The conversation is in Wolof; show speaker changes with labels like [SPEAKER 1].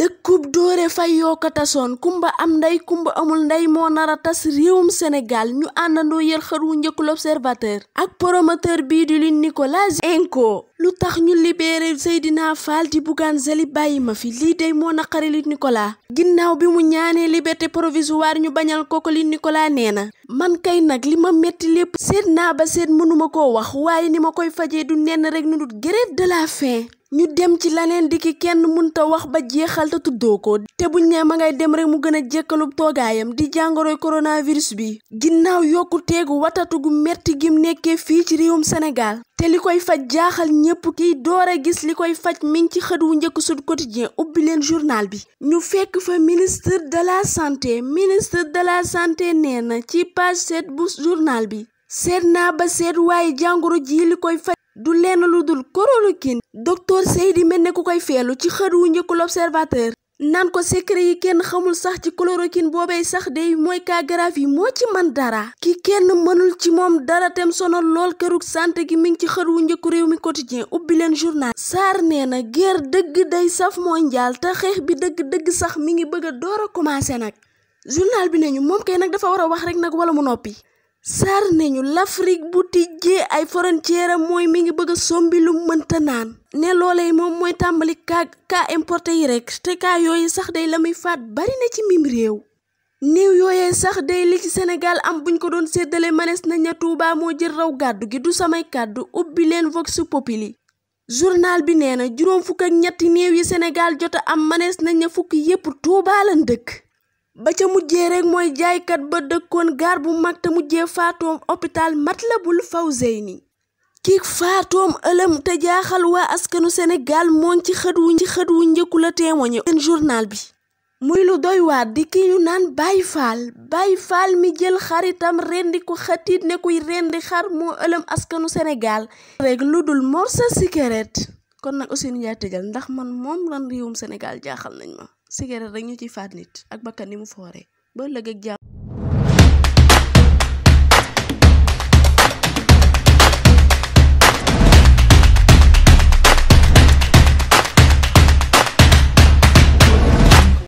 [SPEAKER 1] dëkkub doore fay yoo ko tasoon kumba am ndey kumba amul ndey moo nar a tas réewum Sénégal ñu àndandoo yër xër wu njëkkul observateur ak promoteur bii di Luc Nicolaï Enco lu tax ñu libéré Seydina Fall di Bougane Zélie bàyyi ma fi lii dey moo naqari Luc Nicolaï ginnaaw bi mu ñaanee liberté provisoire ñu bañal ko ko Luc Nicolaï nee na man kay nag li ma metti lépp seet naa ba seet mënuma koo wax waaye ni ma koy fajee du nenn rek nu dut grève de la faim ñu dem ci leneen di ki kenn munta wax ba jeexal te tuddoo ko te buñ ne ma ngay dem rek mu gën a jekkalub toogaayam di jàngoroy coronavirus bi ginnaaw yokku teegu watatu gu metti gim nekkee fii ci réewum senegal te li koy faj jaaxal ñépp kiy doore gis li koy faj mi ngi ci xët wu njëkk Sud Quotidien ubbi leen journal bi ñu fekk fa ministre de la santé ministre de la santé nee na ci page 7 bu journal bi seet naa ba seet waaye jàngoro ji li koy faj du lenn lu dul chloroquine docteur Seydi mel ne ku koy feelu ci xët wu njëkku l'observateur naan ko secret yi kenn xamul sax ci chloroquine boobee sax day mooy cas yi moo ci man dara ki kenn mënul ci moom dara tem sonal lool kërug sant gi mi ngi ci xër wu njëkk réew mi quotidien ubbi leen journal Sarr nee na guerre dëgg day saf mondial te xeex bi dëgg-dëgg sax mi ngi bëgg a door a commencé nag journal bi nañu moom kay nag dafa war a wax rek nag wala mu noppi Sarr nañu l'Afrique bu tijjee ay frontière am mooy mi ngi bëgg a sombi lu mënta naan ne loolee moom mooy tàmbali kaa kaa importé yi rek te kaa yooyu sax day la muy faat bari na ci mim réew néew yooyee sax day li ci Sénégal am buñ ko doon séddale manees na ña moo jël raw gàddu gi du samay kàddu ubbi leen vox popili journal bi nee na juróom fukk ak ñetti néew yi senegal jot am manees nañ ña fukk yépp Tuuba lan dëkk ba ca mujjee rek mooy jaaykat ba dëkkoon gaar bu mag te mujjee faatoom hôpital Matlabul Fawzeyni ki faatoom ëlëm te jaaxal waa askanu senegaal moom ci xët wu ci njëkku la témoigné seen journal bi muy lu doy waar di ki ñu naan Baye Fall Baye Fall mi jël xaritam rendi ko xatiit ne kuy rendi xar moo ëlëm askanu senegaal rek lu dul morsa cigarette kon nag aussi nu njaay tëjal ndax man moom lan réewum Sénégal jaaxal nañ ma cigarette rek ñu ciy faat nit ak bakkan ni mu foore ba ëllëg ak